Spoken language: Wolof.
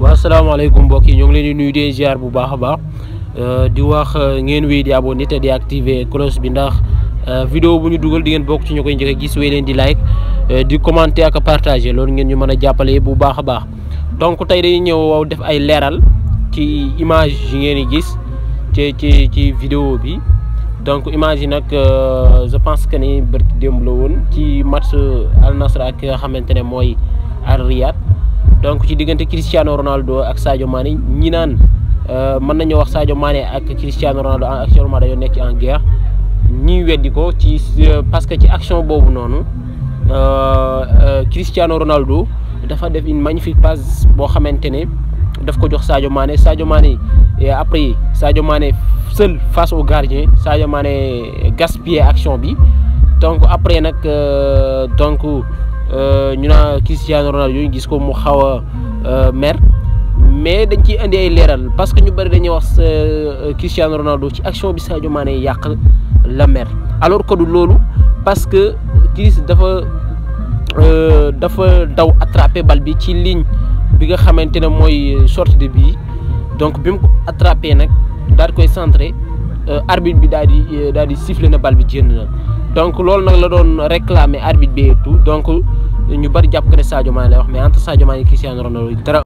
waa asalaamaaleykum mbokk yi ñu ngi leen di nuyu di ziar bu baax a baax euh, di wax euh, ngeen wéy di abonné te di activer cloche bi ndax euh, vidéo bu ñu dugal di ngeen bokk ci ñu koy njëkk a gis wéy leen di like di commenter ak partager loolu ngeen ñu mën a jàppale bu baax a baax donc tey dañuy ñëw waaw def ay leeral ci image yi ngeen di gis ci ci ci vidéo bi donc image yi nag je pense que ni bërki démb la woon ci match Al Nassr ak nga xamante ne mooy Al Riyad donc ci diggante Cristiano Ronaldo ak Sadio Mané ñi naan euh, mën nañoo wax saajo Mané ak Cristiano Ronaldo actuellement dañoo nekk en guerre ñi weddi ko ci euh, parce que ci action boobu noonu euh, Cristiano Ronaldo dafa def une magnifique passe boo xamante ne daf ko jox saajo Mané Sadio Mané après Sadio Mané seul face au gardien Sadio Mané gaspillé action bi donc après nag donc. Euh, ñu Cristiano Ronaldo yooyu gis ko mu xawa euh, mer mais dañ ci andi ay leral parce que ñu bari dañuy wax euh, Cristiano Ronaldo ci action bi Sadio Mané yàq la mer alors que du lolu parce que Chris dafa dafa daw attrapé bal bi ci ligne bi nga xamantene moy sorte sortie de bi donc bi attraper, ko attrapé nag daal koy euh, arbitre bi daal di daal di siffler na bal bi jénn donc loolu nag la doon réclamer arbitre bi et tout donc ñu bari jàpp ko ne Sadio Mané lay wax mais entre Sadio Mané Cristiano Ronaldo dara.